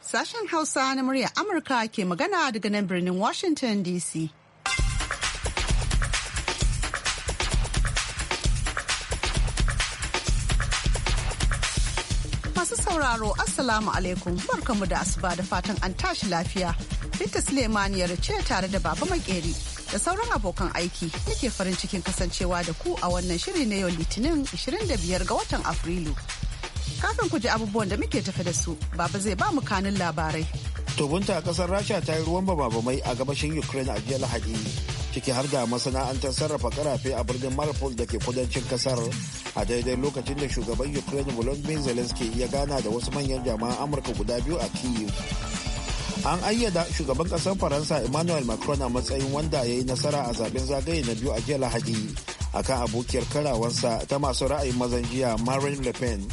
Sashen Hausa na murya Amurka ke magana daga nan birnin Washington DC. Masu sauraro Assalamu alaikum barkamu da asuba da fatan an tashi lafiya. Binta Sulemaniyar ce tare da Baba Makeri. da sauran abokan aiki yake farin cikin kasancewa da ku a wannan shiri na yau litinin 25 ga watan afrilu kafin ku ji abubuwan da muke tafe da su baba zai ba mu kanin labarai tobunta a kasar rasha ta yi ruwan bababamai a gabashin ukraine a jiya lahadi ciki har da masana'antar sarrafa karafe a birnin maripol da ke kudancin kasar a daidai lokacin da shugaban ukraine volodymyr zelensky ya gana da wasu manyan jama'an amurka guda biyu a kyiv an ayyada shugaban kasar faransa emmanuel macron a matsayin wanda ya yi nasara a zaben zagaye na biyu a jiya lahadi akan abokiyar karawansa ta masu ra'ayin mazan jiya marine le pen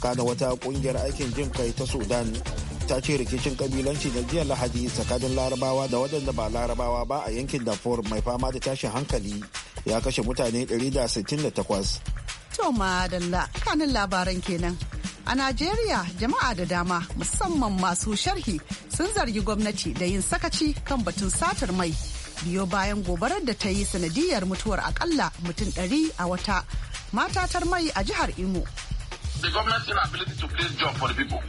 kana wata kungiyar aikin jin kai ta sudan ta ce rikicin kabilanci na jiya lahadi tsakanin larabawa da waɗanda ba larabawa ba a yankin dafor mai fama da tashin hankali ya kashe mutane 168 to madalla kanin labaran kenan a najeriya jama'a da dama musamman masu sharhi sun zargi gwamnati da yin sakaci kan batun satar mai biyo bayan gobarar da ta yi sanadiyar mutuwar akalla mutum 100 a wata matatar mai a jihar imo The government's inability to job for the people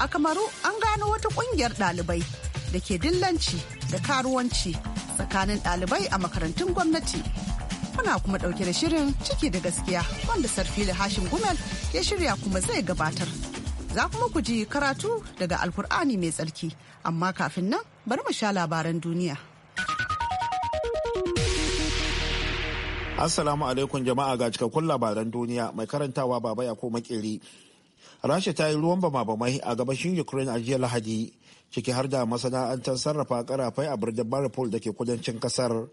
A Kamaru an gano wata ƙungiyar ɗalibai da ke dillanci da karuwanci tsakanin ɗalibai a makarantun gwamnati kuna kuma ɗauke da shirin ciki da gaskiya wanda sarfili hashim gumel ya shirya kuma zai gabatar za kuma ku ji karatu daga alkur'ani mai tsarki amma kafin nan bari mu sha labaran duniya assalamu alaikum jama'a ga cikakkun labaran duniya mai karantawa baba ya ko makeri rasha ta yi ruwan bama-bamai a gabashin ukraine a jiya lahadi ciki har da masana'antar sarrafa karafai a birnin maripol da ke kudancin kasar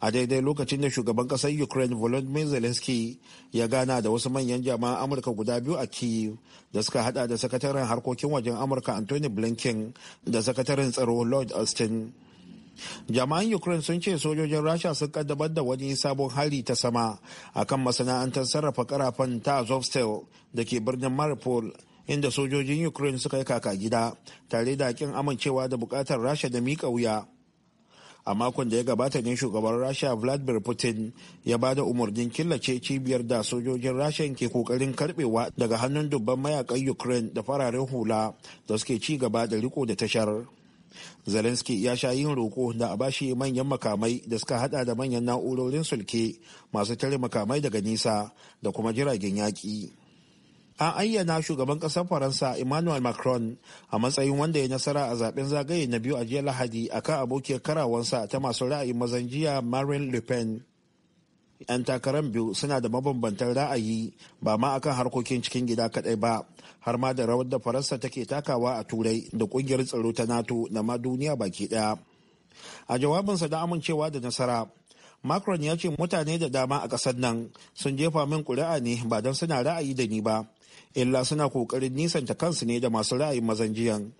a daidai lokacin da shugaban kasar ukraine volodymyr zelensky ya gana da wasu manyan jama'an amurka guda biyu a kiev da suka hada da sakataren harkokin wajen amurka anthony blinken da sakataren tsaro lord austin jama'an ukraine sun ce sojojin rasha sun kaddabar da wani sabon hali ta sama a kan masana'antar sarrafa karafan ta azovstal da ke birnin maripol inda sojojin ukraine suka yi kaka gida tare da kin amincewa da bukatar rasha da mika wuya a makon da ya gabata ne shugaban rasha vladimir putin ya ba da umarnin killace cibiyar da sojojin rasha ke kokarin karbewa daga hannun dubban mayakan ukraine da fararen hula da suke ci gaba da riko da tashar zelensky ya sha yin roƙo da a bashi manyan makamai da suka hada da manyan na'urorin sulke masu tare makamai daga nisa da kuma jiragen yaki. an ayyana shugaban ƙasar faransa emmanuel macron a matsayin wanda ya nasara a zaben zagaye na biyu a jiya lahadi akan abokiyar karawansa ta masu ra'ayin mazan jiya marine le pen 'yan takarar biyu suna da mabambantan ra'ayi ba ma akan harkokin cikin gida kadai ba har ma da rawar da faransa take takawa a turai da kungiyar tsaro ta nato da ma duniya baki daya a jawabinsa da amincewa da nasara macron ya ce mutane da dama a kasar nan sun jefa min kuri'a ne ba don suna ra'ayi da ni ba illa suna kokarin nisanta kansu ne da masu ra'ayin mazan jiyan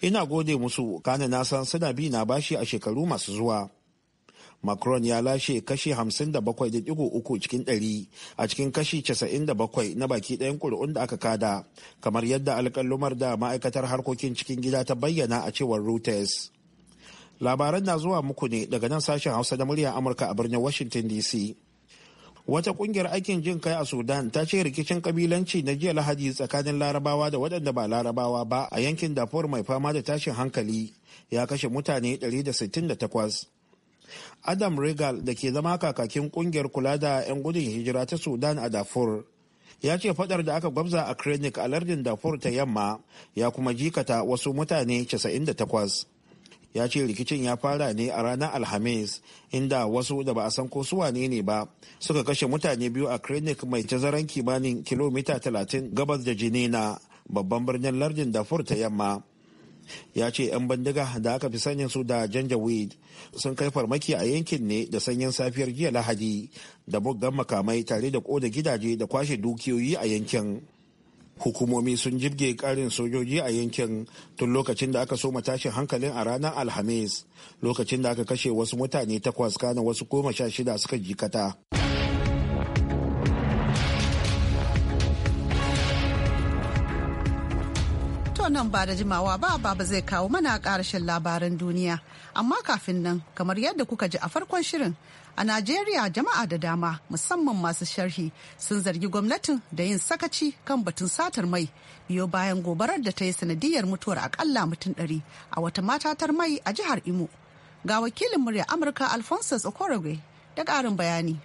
ina gode musu kana na san suna bi na bashi a shekaru masu zuwa macron ya lashe kashi 57.3 cikin 100 a cikin kashi 97 na baki ɗayan ƙuri'un da aka kada kamar yadda alkalumar da ma'aikatar harkokin cikin gida ta bayyana a cewar reuters labaran na zuwa muku ne daga nan sashen hausa na murya amurka a birnin washington dc wata kungiyar aikin jin kai a sudan ta ce rikicin kabilanci na jiya lahadi tsakanin larabawa da waɗanda ba larabawa ba a yankin dafur mai fama da tashin hankali ya kashe mutane 168 adam regal da ke zama kakakin kungiyar kula da 'yan gudun hijira ta sudan a dafur ya ce fadar da aka gwabza a krenik a lardin dafur ta yamma ya kuma jikata wasu mutane 98 ya ce rikicin ya fara ne a ranar alhamis inda wasu da ba a san ko suwa wane ne ba suka kashe mutane biyu a clinic mai tazaran kimanin kilomita 30 gabas da jinina babban birnin lardin dafur ta yamma ya ce 'yan bindiga da aka fi sanin su da janjaweed sun kai farmaki a yankin ne da sanyin safiyar jiya lahadi da muggan makamai tare da koda gidaje da kwashe dukiyoyi a yankin hukumomi sun jirge karin sojoji a yankin tun lokacin da aka soma tashin hankalin a ranar alhamis lokacin da aka kashe wasu mutane takwas kana wasu goma sha shida suka jikata nan ba da jimawa ba baba zai kawo mana karshen labaran duniya amma kafin nan kamar yadda kuka ji a farkon shirin A Najeriya jama'a da dama musamman masu sharhi sun zargi gwamnatin da yin sakaci kan batun satar mai biyo bayan gobarar da ta yi sanadiyar mutuwar akalla mutum ɗari a wata matatar mai a jihar Imo. Ga wakilin murya Amurka Alphonsus Okorogwe da ƙarin bayani.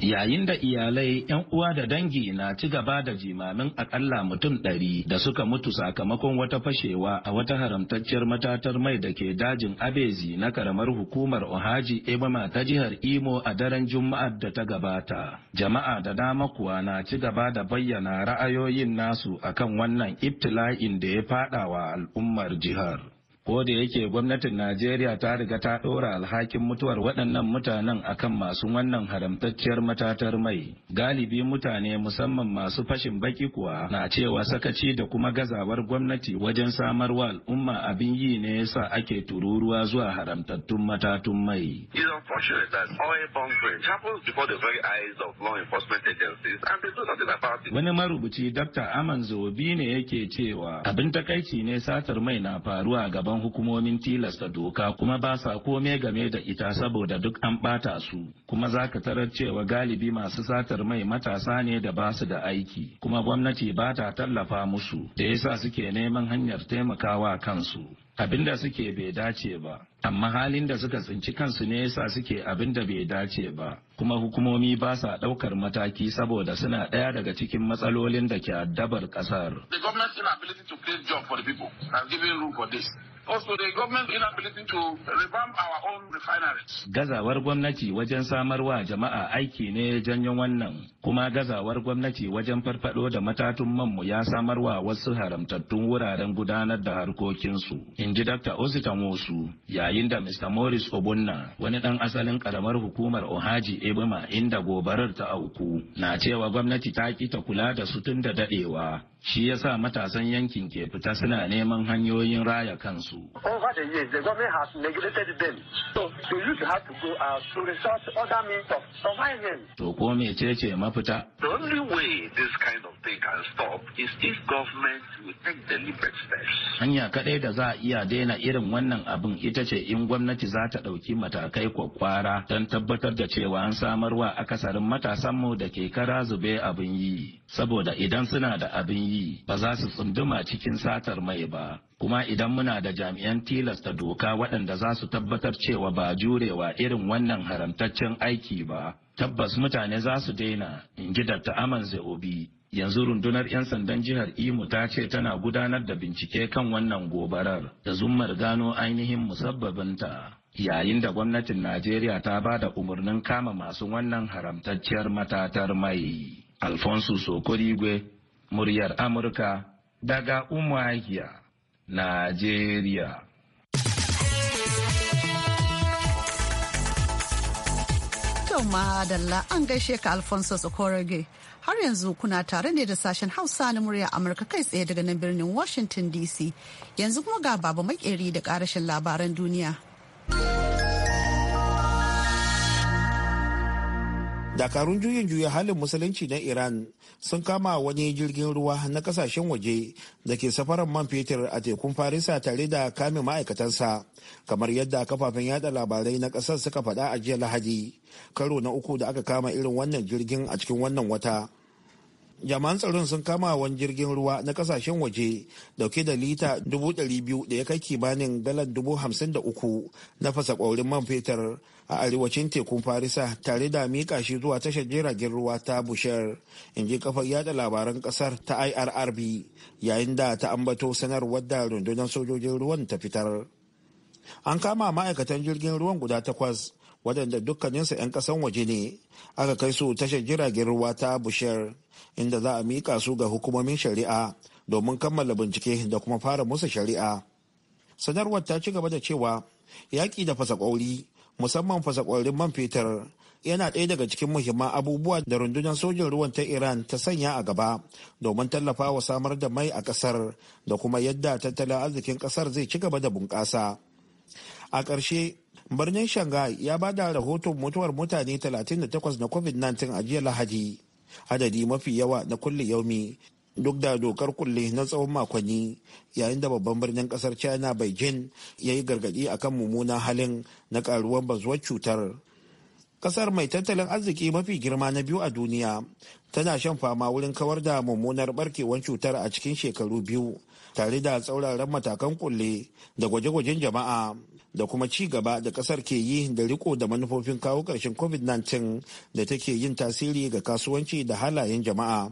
yayin da iyalai 'yan uwa da dangi na ci gaba da jimamin akalla mutum ɗari da suka mutu sakamakon wata fashewa a wata haramtacciyar matatar mai da ke dajin abezi na karamar hukumar ohaji ebama ta jihar imo a daren juma'ar da ta gabata jama'a da dama kuwa na ci gaba da bayyana ra'ayoyin nasu akan wannan ibtila'in da ya faɗawa al'ummar jihar ko da yake gwamnatin najeriya ta riga ta ɗora alhakin mutuwar waɗannan mutanen akan masu wannan haramtacciyar matatar mai galibi mutane musamman masu fashin baki kuwa na cewa sakaci da kuma gazawar gwamnati wajen samarwa al'umma abin yi ne yasa ake tururuwa zuwa haramtattun matatun mai wani marubuci dr aman zobi ne yake cewa abin takaici ne satar mai na faruwa gaban gaban hukumomin tilasta doka kuma ba sa kome game da ita saboda duk an bata su kuma za ka tarar cewa galibi masu satar mai matasa ne da ba su da aiki kuma gwamnati ba ta tallafa musu da yasa suke neman hanyar taimakawa kansu abin da suke bai dace ba amma halin da suka tsinci kansu ne yasa suke abin da bai dace ba kuma hukumomi ba sa ɗaukar mataki saboda suna daya daga cikin matsalolin da ke addabar kasar. The government's inability to create job for the people has given room for this. Also the government to revamp our own refineries. Gazawar gwamnati wajen samarwa jama'a aiki ne janyo wannan, kuma gazawar gwamnati wajen farfado da matatun manmu ya samarwa wasu haramtattun wuraren gudanar da harkokinsu. In ji Dr. Osita Mosu, yayin da Mr. Morris Obunna, wani dan asalin karamar hukumar Ohaji Ebima inda gobarar ta auku, na cewa gwamnati ta ki ta kula da su tun da daɗewa. Shi yasa matasan yankin ke fita suna neman hanyoyin raya kansu. so. Over the years, the government has neglected them. So the youth have to go out uh, to resort to other means of surviving. To ko mecece mafita? The only way this kind of thing can stop is if government will take deliberate steps. Hanya kadai da za a iya daina irin wannan abin ita ce in gwamnati za ta ɗauki matakai kwakwara don tabbatar da cewa an samarwa akasarin matasanmu da ke kara zube abin yi. Saboda idan suna da abin yi ba za su tsunduma cikin satar mai ba. kuma idan muna da jami'an tilasta doka waɗanda za su tabbatar cewa ba jurewa irin wannan haramtaccen aiki ba tabbas mutane za su daina in ji ta aman zaobi yanzu rundunar 'yan sandan jihar imo ta ce tana gudanar da bincike kan wannan gobarar da zummar gano ainihin musabbabinta yayin da gwamnatin najeriya ta ba da umarnin kama masu wannan haramtacciyar matatar mai alfonso sokorigwe muryar amurka daga umahiya Najeriya. Yau madalla dalla an gaishe ka Alfonso Sokorage Har yanzu kuna tare ne da sashen Hausa na murya Amurka kai tsaye daga nan birnin Washington DC. Yanzu kuma ga babu makeri da karashin labaran duniya. dakarun juyin juya halin musulunci na iran sun kama wani jirgin ruwa na kasashen waje da ke safarar man fetur a tekun farisa tare da kame ma'aikatansa kamar yadda kafafen yada labarai na kasar suka faɗa a jiya lahadi karo na uku da aka kama irin wannan jirgin a cikin wannan wata jami'an tsaron sun kama wani jirgin ruwa na kasashen waje dauke da lita 200,000 da ya kai kimanin galan uku na fasa kwaurin man fetur a arewacin tekun farisa tare da mika shi zuwa tashar jiragen ruwa ta bushar in ji kafar yada labaran kasar ta irrb yayin da ta ambato sanarwar da rundunar sojojin ruwan ta fitar an kama ma'aikatan jirgin ruwan guda takwas waɗanda dukkaninsu 'yan ƙasan waje ne aka kai su tashar jiragen ruwa ta bushar inda za a mika su ga hukumomin shari'a domin kammala bincike da kuma fara musu shari'a sanarwar ta ci gaba da cewa yaƙi da fasa ƙauri musamman fasakwarin man fetur yana ɗaya daga cikin muhimman abubuwa da rundunar sojin ruwan ta iran ta sanya a gaba domin tallafa wa samar da mai a ƙasar da kuma yadda tattalin arzikin ƙasar zai ci gaba da bunƙasa a ƙarshe birnin shanghai ya ba da rahoton mutuwar mutane 38 na covid-19 a jiya lahadi adadi mafi yawa na kulle yaumi duk da dokar kulle na tsawon makonni yayin da babban birnin kasar china beijing ya yi gargadi kan mummunan halin na karuwar bazuwar cutar kasar mai tattalin arziki mafi girma na biyu a duniya tana shan fama wurin kawar da mummunar barkewar cutar a cikin shekaru biyu tare da tsauraran matakan kulle da gwaje-gwajen jama'a da kuma ci gaba da kasar ke yi da riko da manufofin kawo ƙarshen covid-19 da take yin tasiri ga kasuwanci da halayen jama'a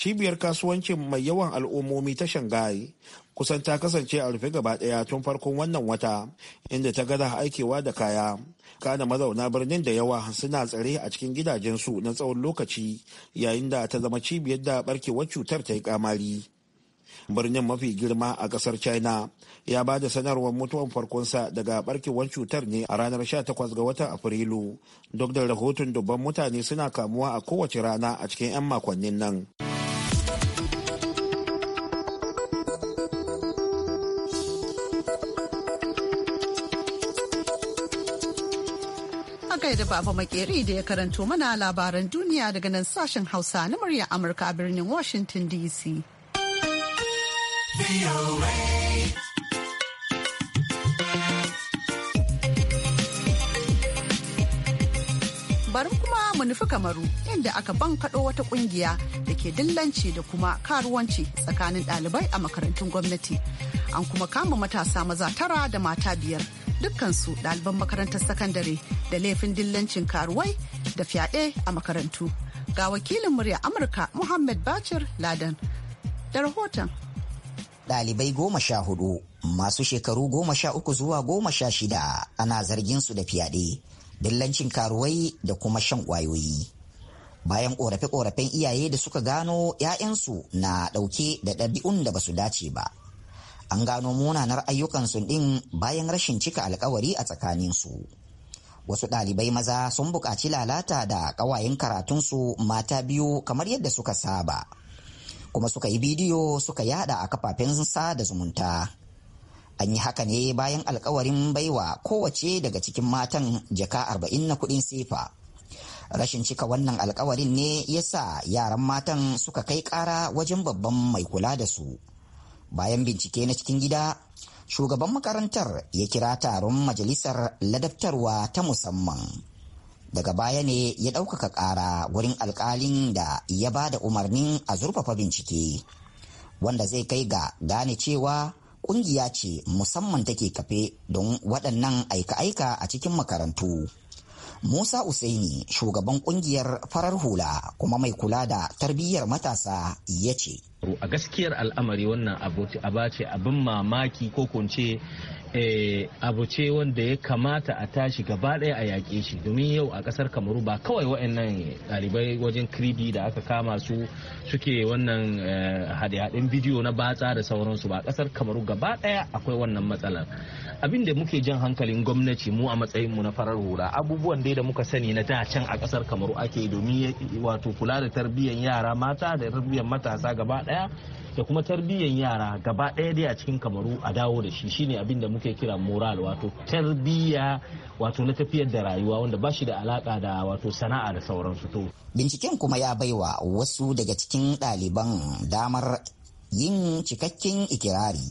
cibiyar kasuwancin mai yawan al'ummomi ta shanghai kusan ta kasance a rufe gaba daya tun farkon wannan wata inda ta gada aikewa da kaya kana mazauna birnin da yawa suna tsare a cikin gidajensu na tsawon lokaci yayin da ta zama cibiyar da barkewar cutar ta yi kamari birnin mafi girma a kasar china ya ba da sanarwar mutuwan farkonsa daga barkewar cutar ne a ranar 18 ga watan afrilu duk da rahoton dubban mutane suna kamuwa a kowace rana a cikin 'yan makonnin nan gai da baba makeri da ya karanto mana labaran duniya daga nan sashen hausa na murya amurka a birnin washington dc bari kuma mu nufi kamaru inda aka bankaɗo wata ƙungiya da ke dillanci da kuma karuwanci tsakanin ɗalibai a makarantun gwamnati an kuma kama matasa maza tara da mata biyar dukkansu ɗaliban makarantar sakandare da laifin dillancin karuwai da fyaɗe a makarantu. Ga wakilin murya Amurka Muhammad Bachir Ladan da rahoton. Ɗalibai goma sha hudu masu shekaru goma sha uku zuwa goma sha shida ana zargin su da fyaɗe, dillancin karuwai da kuma shan kwayoyi. bayan ƙorafe-ƙorafen iyaye da suka gano 'ya'yansu na ɗauke da ɗabi'un da basu dace ba an gano munanar ayyukansu ɗin bayan rashin cika alkawari a tsakaninsu. Wasu ɗalibai maza sun buƙaci lalata da ƙawayen karatunsu mata biyu kamar yadda suka saba, kuma suka yi bidiyo suka yada a kafafen sada zumunta. An yi haka ne bayan alkawarin baiwa kowace daga cikin matan jaka arba'in na kuɗin sefa. rashin cika wannan alkawarin ne ya sa yaran matan suka kai ƙara wajen babban mai kula da su bayan bincike na cikin gida shugaban makarantar ya kira taron majalisar ladabtarwa ta musamman daga baya ne ya ɗaukaka ƙara wurin alƙalin da ya ba da umarnin a zurfafa bincike wanda zai kai ga gane cewa ƙungiya ce musamman take kafe don waɗannan aika-aika a cikin makarantu musa usaini shugaban ƙungiyar farar hula kuma mai kula da tarbiyyar matasa ya ce a gaskiyar al'amari wannan aba ce abin mamaki ko kunce eh, abu ce wanda ya kamata a tashi gaba ɗaya a yaƙe shi domin yau a ƙasar kamaru ba kawai wa'annan ɗalibai wajen kribi da aka kama su suke wannan eh, haɗe-haɗen bidiyo na batsa da sauransu ba a ƙasar kamaru gaba ɗaya akwai wannan matsalar abin da muke jan hankalin gwamnati mu a matsayin mu na farar hula abubuwan dai da muka sani na ta can a ƙasar kamaru ake domin wato kula da tarbiyyar yara mata da tarbiyyar matasa gaba ɗaya da kuma tarbiyyar yara gaba ɗaya dai a cikin kamaru a dawo da shi shine abin da muke kira moral wato tarbiyya wato na tafiyar da rayuwa wanda ba shi da alaka da wato sana'a da sauransu to binciken kuma ya baiwa wasu daga cikin ɗaliban damar yin cikakken ikirari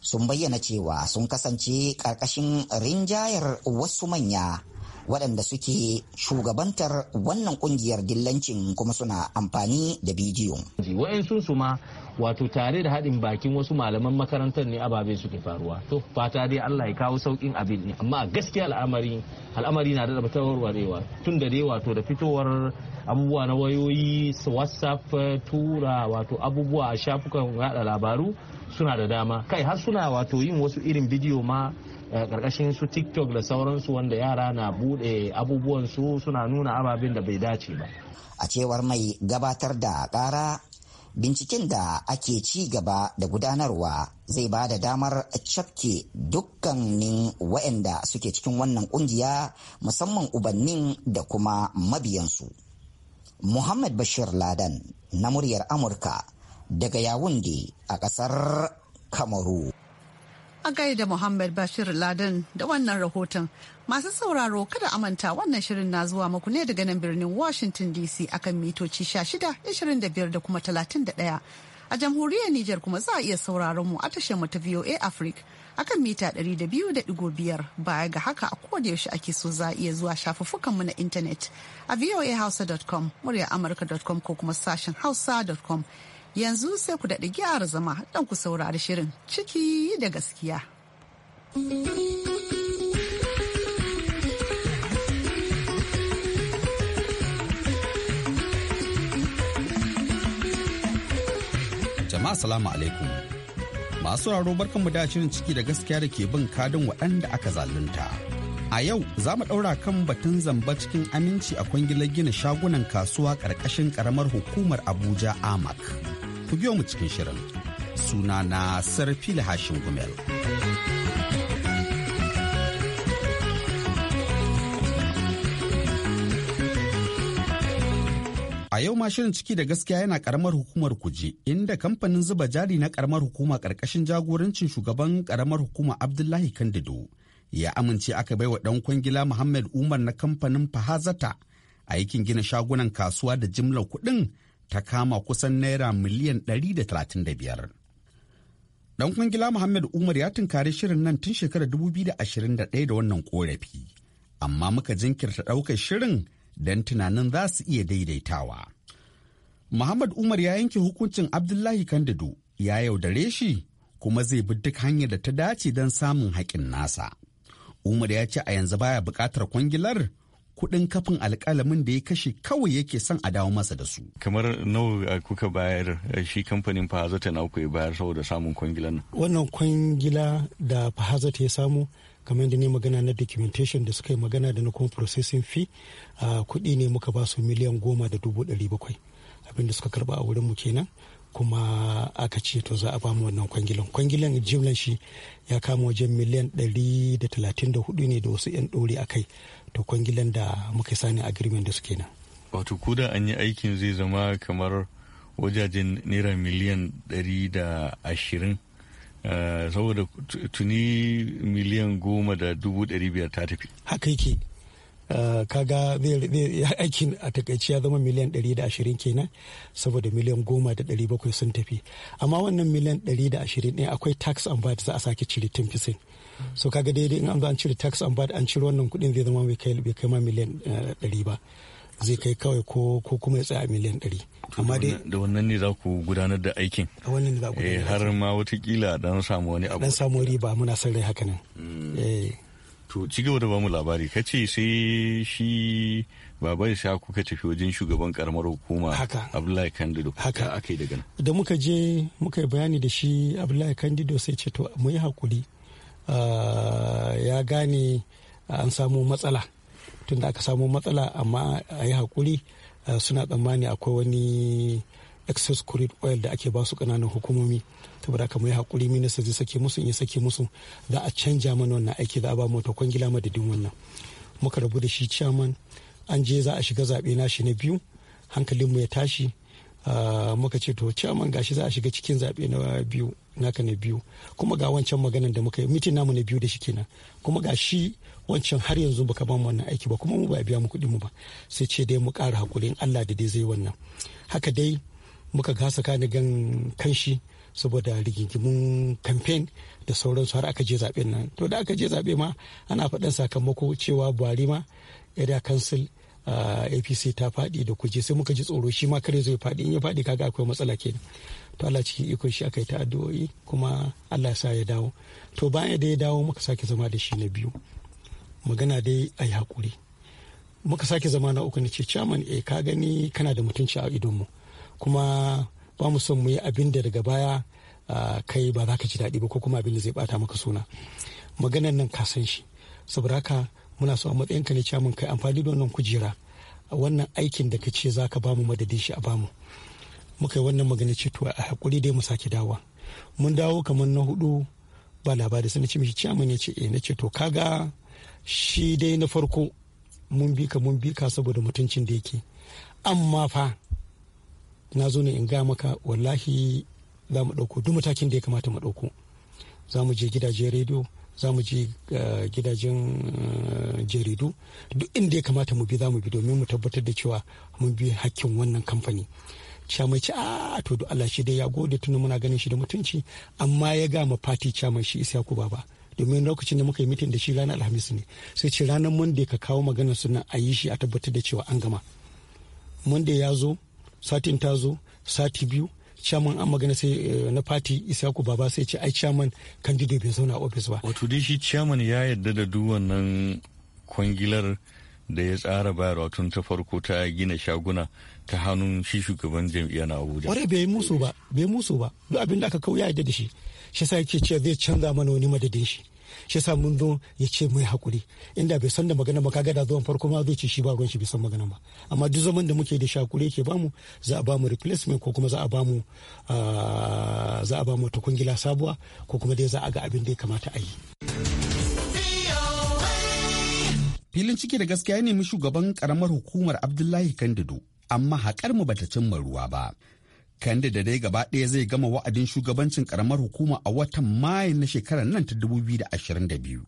sun bayyana cewa sun kasance ƙarƙashin rinjayar wasu manya waɗanda suke shugabantar wannan ƙungiyar dillancin kuma suna amfani da bidiyo. Wa'yansu su ma wato tare da haɗin bakin wasu malaman makarantar ne ababe suke faruwa to fata dai Allah ya kawo saukin abin ne amma gaskiya al'amari al'amari na da warewa. tun da dai wato da fitowar abubuwa na wayoyi whatsapp tura wato abubuwa a shafukan yada labaru suna da dama kai har suna wato yin wasu irin bidiyo ma karkashin su tiktok da sauransu wanda yara na bude abubuwan su suna nuna ababen da bai dace ba a cewar mai gabatar da kara binciken da ake ci gaba da gudanarwa zai ba da damar cafke dukkanin waɗanda suke cikin wannan kungiya musamman ubannin da kuma mabiyansu muhammad bashir ladan na muryar amurka daga yawunde a kasar kamaru a gaida Muhammad Bashir Ladin da wannan rahoton. Masu sauraro kada amanta wannan shirin na zuwa muku ne daga nan birnin Washington DC akan mitoci 16, da kuma 31. A jamhuriyar Nijar kuma za a iya sauraron mu a tashar mu ta VOA Africa akan mita 200.5 baya ga haka a koda yaushe ake so za a iya zuwa shafuffukan mu na intanet a voahausa.com, muryar amurka.com ko kuma sashen hausa.com. Yanzu sai ku daɗi gyara zama don ku saurari shirin ciki da gaskiya. Jama'a salamu alaikum. Masu raro barkanmu da shirin ciki da gaskiya da ke bin kadin waɗanda aka zalunta. A yau za mu ɗaura kan batun zamba cikin aminci a kwangilar gina shagunan kasuwa ƙarƙashin ƙaramar hukumar Abuja Amak. ku biyo mu cikin shirin. Suna na Sarfila Hashin Gumel. A yau ma shirin ciki da gaskiya yana karamar hukumar kuje inda kamfanin zuba jari na karamar hukuma karkashin jagorancin shugaban karamar hukuma Abdullahi Kandido ya amince aka baiwa dan kwangila Muhammad Umar na kamfanin Fahazata aikin gina shagunan kasuwa da jimlar kuɗin ta kama kusan naira miliyan 135. Dan kwangila Muhammad Umar ya tunkari shirin nan tun shekarar 2021 da wannan korafi, amma muka jinkirta ɗaukar shirin don tunanin za su iya daidaitawa. Muhammad Umar ya yanke hukuncin Abdullahi Kandido ya yaudare shi kuma zai bi duk hanyar da ta dace don samun haƙin nasa. Umar ya ce a yanzu baya buƙatar kwangilar kuɗin kafin alƙalamin da ya kashe kawai yake son a dawo masa da su. Kamar nawa uh, kuka bayar uh, shi kamfanin Fahazata na ya bayar saboda samun kwangilan nan? Wannan kwangila da Fahazata ya samu kamar da ne magana na documentation da suka yi magana da na kuma processing fee uh, kuɗi ne muka ba su miliyan goma da dubu ɗari bakwai abin da suka karba a wurin mu kenan kuma aka ce to za a ba mu wannan kwangilan kwangilan jimlan shi ya kama wajen miliyan ɗari da da talatin hudu ne da wasu 'yan ɗori a kai to kwangilan da muka sani a agreement da suke nan wato kuda an yi aikin zai zama kamar wajajen naira miliyan ɗari da ashirin eh, saboda tuni miliyan goma da dubu biyar ta tafi haka yake Eh, kaga aikin a takaici ya zama miliyan 120 kenan saboda miliyan 10,700 sun tafi amma wannan miliyan 120 ɗin akwai tax and bad za a sake cire 10% so kaga daidai in an zo an cire tax and bad an cire wannan kuɗin zai zama bai kai ma miliyan 100 eh, ba zai kai kawai ko kuma ya tsaya miliyan 100 amma dai da wannan ne za ku gudanar da aikin a wannan ne za ku gudanar eh, har ma watakila dan samu wani abu dan samu riba muna son rai haka nan mm. eh to ci gaba da bamu labari ka ce sai shi baba ya kuka tafi wajen shugaban karamar hukuma abdullahi kandido haka aka yi daga nan da muka je muka yi bayani da shi abdullahi kandido sai ce to mu yi hakuri ah, ya gane an samu matsala tunda aka samu matsala amma a yi hakuri ah, suna tsammani akwai wani excess crude oil da ake basu ƙananan hukumomi ta bada kamar ya haƙuri minista zai sake musu in ya sake musu za a canja mana wannan aiki za a ba mu kwangila madadin wannan muka rabu da shi ciyaman an je za a shiga zaɓe na shi na biyu hankalinmu ya tashi ah, muka ce to ciyaman gashi za a shiga cikin zaɓe na biyu naka na biyu kuma ga wancan maganan da muka yi mitin namu na biyu da shi kenan kuma ga shi wancan har yanzu baka ba mu wannan aiki ba kuma mu ba biya mu kuɗi mu ba sai ce dai mu ƙara hakuri in Allah da dai zai wannan haka dai muka gasa kani gan kanshi saboda rigingimun kamfen da sauransu har aka je zaɓen nan to da aka je zaɓe ma ana faɗin sakamako cewa buhari ma area council uh, apc ta faɗi da kuje sai muka ji tsoro shi ma kare zai faɗi in ya faɗi kaga akwai matsala ke to Allah cikin iko shi aka yi ta addu'o'i kuma Allah sa ya dawo to bayan da ya dawo muka sake zama da shi na biyu magana dai a yi hakuri muka sake zama na uku na ce chairman eh ka gani kana da mutunci a idonmu kuma ba mu son mu yi abin da daga baya kai ba za ka ji daɗi ba ko kuma abin da zai bata maka suna maganan nan ka san shi saboda haka muna so a matsayin ka ne cewa mun kai amfani da wannan kujera wannan aikin da ka ce za ka bamu madadin shi a bamu muka yi wannan magana ce to a hakuri dai mu sake dawa mun dawo kamar na hudu ba labari sai na ce mishi ciyaman ya ce eh na ce to kaga shi dai na farko mun bi ka mun bi ka saboda mutuncin da yake amma fa na zo ne in ga maka wallahi za mu ɗauko duk matakin da ya kamata mu ɗauko za mu je gidajen rediyo za mu je eh, gidajen eh, jaridu duk inda ya kamata mu bi za mu bi domin mu tabbatar da cewa mun bi hakkin wannan kamfani chamai ci a ah, to duk Allah shi dai ya gode tun muna ganin shi da mutunci amma ya ga ma fati chamai shi yakuba baba domin lokacin da muka yi mitin da shi ranar Alhamis ne sai ce ranar Monday ka kawo maganar sunan a yi shi a tabbatar da cewa an gama Monday ya zo satin ta zo sati biyu chairman an magana sai eh, na fati isaku baba sai ce ai chairman kandido bai zauna ofis ba wato dai shi chairman ya yadda da duk wannan kwangilar da ya tsara bayarwa tun ta farko ta gina shaguna ta hannun shi shugaban jam'iyyar na abuja kwarai bai musu ba bai musu ba duk abin da aka kawo ya yadda da shi shi sa yake cewa zai canza mana wani madadin shi shi yasa mun zo ya ce mai hakuri inda bai san da magana ba kaga da zuwan farko ma zai ce shi ba ruwan shi bai san magana ba amma duk zaman da muke da shakuri yake bamu za a bamu replacement ko kuma za a bamu ah, za a bamu wata sabuwa ko kuma dai za a ga abin da ya kamata a yi filin ciki da gaskiya ya nemi shugaban karamar hukumar abdullahi kandido amma haƙar mu bata cimma ruwa ba Kande da dai gaba ɗaya zai gama wa'adin shugabancin karamar hukuma a watan mayu na shekarar nan ta 2022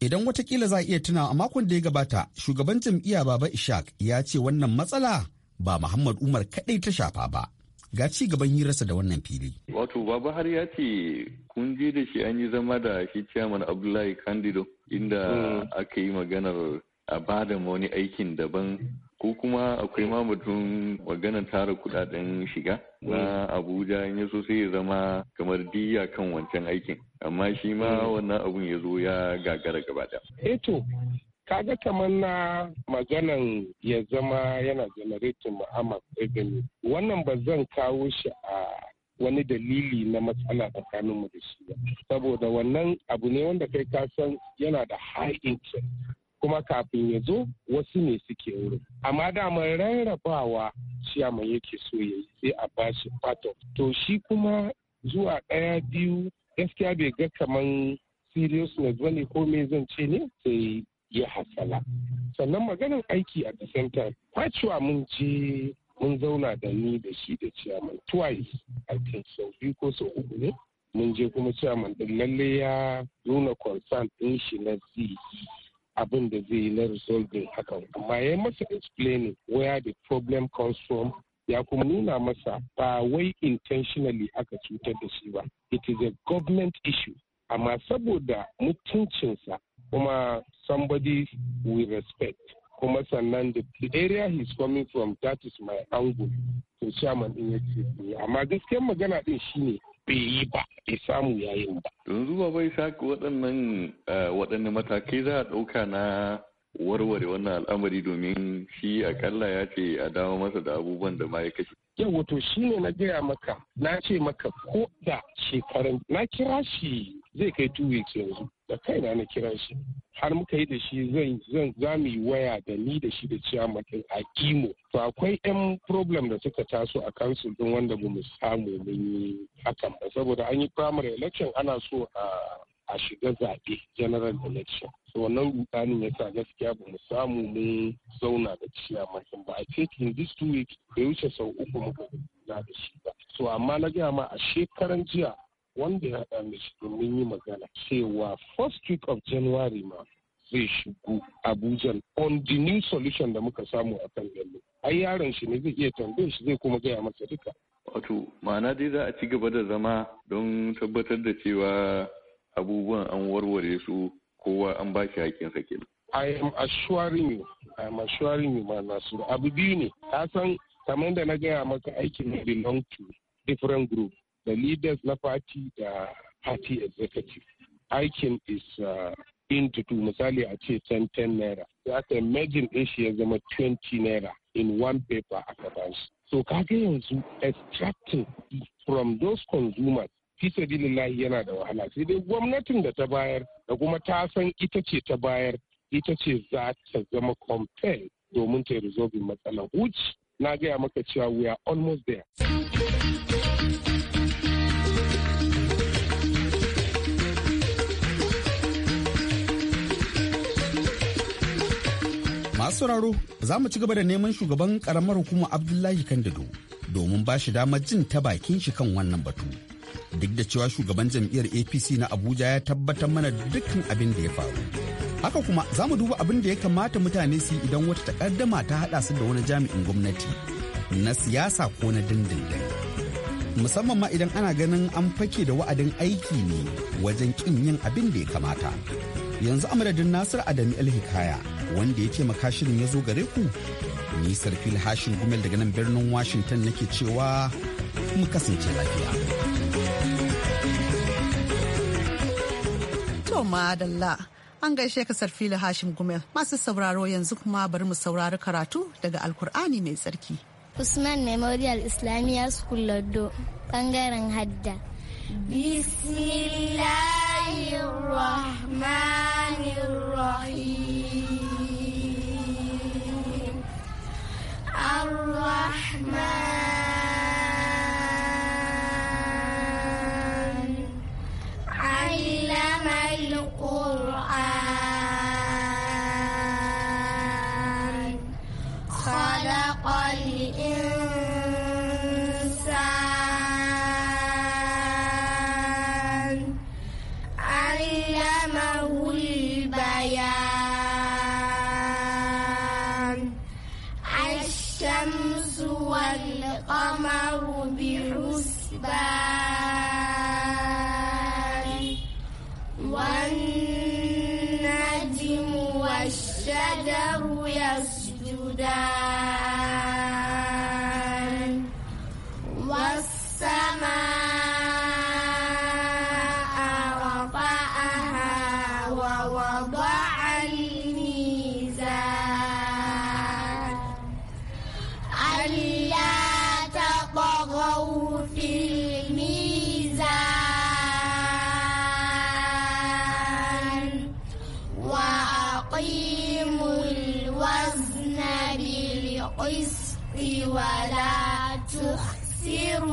idan watakila za a iya tuna a makon da ya gabata shugaban jam'iyya baba Ishak ya ce wannan matsala ba muhammad umar kaɗai ta shafa ba ga ci gaban hirarsa da wannan fili. Wato baba har ya ce kun je da shi an yi zama da shi chairman Abdullahi Kandido inda mm. aka yi maganar a bada da wani aikin daban ko kuma akwai ma mutum maganar tara kudaden shiga na mm. abuja in ya so sai ya zama kamar diya kan wancan aikin amma shi ma mm. wannan abun ya zo ya gagara gaba da eto eh kaga kamar na maganan ya zama yana generating mu'amal revenue wannan ba zan kawo shi a wani dalili na matsala tsakanin mu da shi ba saboda wannan abu ne wanda kai ka san yana da high interest kuma kafin ya zo wasu ne suke wuri amma damar rarrabawa ciyama yake so ya yi sai a bashi fato to shi kuma zuwa ɗaya biyu gaskiya bai ga kaman na bane ko me zan ce ne sai ya hasala sannan maganin aiki a the kwacewa mun je mun zauna da ni da shi da ciyaman twice i think sau biyu ko sau uku ne mun je kuma ciyaman din lalle ya nuna concern din shi na zai abin da zai yi na resolving hakan amma ya masa explaining where the problem comes from ya kuma nuna masa ba wai intentionally aka cutar da shi ba it is a government issue amma saboda mutuncinsa kuma somebody we respect kuma sannan the area he's coming from that is my angle to chairman din amma gaskiyar magana din shine bai yi ba bai samu yayin ba. yanzu ba bai saka waɗannan eh, waɗanne matakai za a ɗauka na warware wannan al'amari domin shi akalla ya ce a dawo masa da abubuwan da ma ya kashe. Yau wato shi ne na gaya maka na ce maka ko da shekaran na kira shi zai kai tuwe ke yanzu da kaina na kira shi har muka yi da shi zan zan za waya da ni da shi da ciya a imo to akwai yan problem da suka taso a kansu din wanda ba mu samu mun yi hakan ba saboda an yi primary election ana so a a shiga zaɓe general election so wannan rudanin ya sa gaskiya ba mu samu mun zauna da ciya ba i think in this two weeks bai wuce sau uku muka da shi ba so amma na gaya ma a shekaran jiya wanda ya haɗa mishi domin yi magana cewa first week of january ma zai shigo abuja on the new solution da muka samu a kan yallo ai yaron shi ne zai iya tambayar shi zai kuma gaya masa duka wato ma'ana dai za a ci gaba da zama don tabbatar da cewa abubuwan an warware su kowa an ba shi hakinsa kenan i am assuring you i am assuring you ma nasiru abu biyu ne ka san kamar da na gaya maka aikin belong to different group da leaders na party da party executive aikin is uh, in to misali a ce 10 naira sai aka imagine din shi ya zama 20 naira in one paper a ba shi so kaga yanzu extracting from those consumers fisa lillahi yana da wahala sai dai gwamnatin da ta bayar da kuma ta san ita ce ta bayar ita ce za ta zama compelled domin ta resolve matsalar which na gaya maka cewa we are almost there Masu sauraro za mu ci gaba da neman shugaban karamar hukumar Abdullahi Kandado domin ba shi damar jin ta bakin shi kan wannan batu. Duk da cewa shugaban jam'iyyar APC na Abuja ya tabbatar mana dukkan abin da ya faru. Haka kuma za mu duba abin da ya kamata mutane su idan wata takaddama ta hada su da wani jami'in gwamnati na siyasa ko na dindindin. Musamman ma idan ana ganin an fake da wa'adin aiki ne wajen kin yin abin da ya kamata. yanzu amadadin nasir adami hikaya wanda ya taimaka shirin ya zo gare ku ni fil hashin gumel daga nan birnin washington nake cewa mu kasance lafiya to madalla an gaishe ka sarfi hashim gumel masu sauraro yanzu kuma bari mu saurari karatu daga alkur'ani mai tsarki usman memorial islamiyya school lardo bangaren hadda bismillah الله الرحمن الرحيم الرحمن علم القرآن Bye.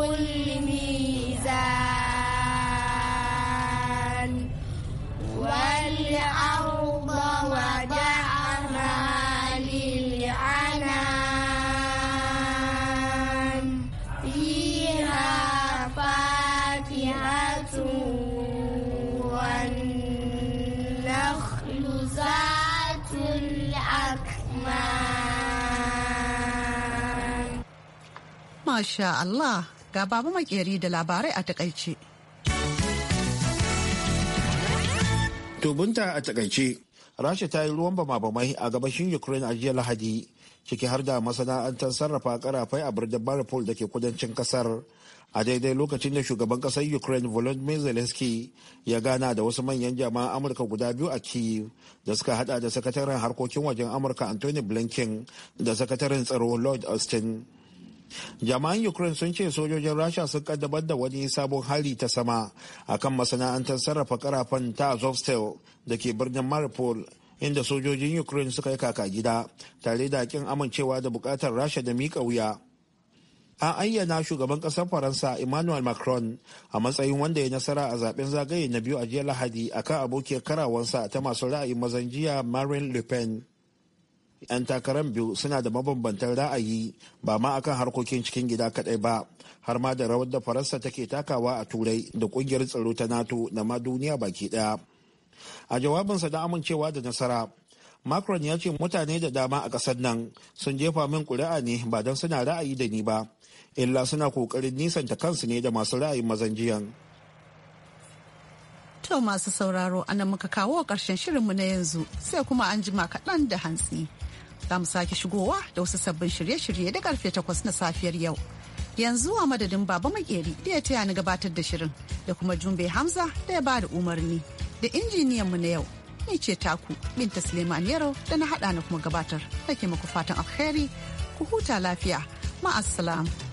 الميزان والأرض ودعها للعنان فيها فاكهة والنخل ذات الأكمام ما شاء الله ga babu makeri da labarai a takaice. Tubunta a takaice, Rasha ta yi ruwan bamabamai a gabashin Ukraine a jiya Lahadi, ciki har da masana'antar sarrafa karafai a birnin Mariupol da ke kudancin kasar. A daidai lokacin da shugaban kasar Ukraine Volodymyr Zelensky ya gana da wasu manyan jama'an Amurka guda biyu a Kyiv da suka hada da sakataren harkokin wajen Amurka Anthony Blinken da sakataren tsaro Lord Austin. jama'an ukraine sun ce sojojin rasha sun kaddamar da wani sabon hali ta sama akan masana'antar sarrafa karafan ta azovstal da ke birnin maripol inda sojojin ukraine suka yi kaka gida tare da kin amincewa da bukatar rasha da mika wuya an ayyana shugaban kasar faransa emmanuel macron a matsayin wanda ya nasara a zaben zagaye na biyu a jiya lahadi akan abokiyar karawansa ta masu ra'ayin mazan jiya marine le pen 'yan takarar biyu suna da mabambantan ra'ayi ba ma akan harkokin cikin gida kadai ba har ma da rawar da faransa take takawa a turai da kungiyar tsaro ta nato da ma duniya baki daya a jawabinsa da amincewa da nasara macron ya ce mutane da dama a ƙasar nan sun jefa min kuri'a ne ba don suna ra'ayi da ni ba illa suna kokarin nisanta kansu ne da masu ra'ayin mazan jiyan To masu sauraro ana muka kawo ƙarshen shirinmu na yanzu sai kuma an jima kaɗan da hantsi. za mu sake shigowa da wasu sabbin shirye-shirye da karfe takwas na safiyar yau. Yanzu a madadin Baba Makeri da ya taya ni gabatar da shirin da kuma Jumbe Hamza da ya ba da umarni da injiniyan mu na yau. Ni ce taku Binta Suleiman Yaro da na haɗa na kuma gabatar. Nake muku fatan alheri ku huta lafiya. Ma'assalam.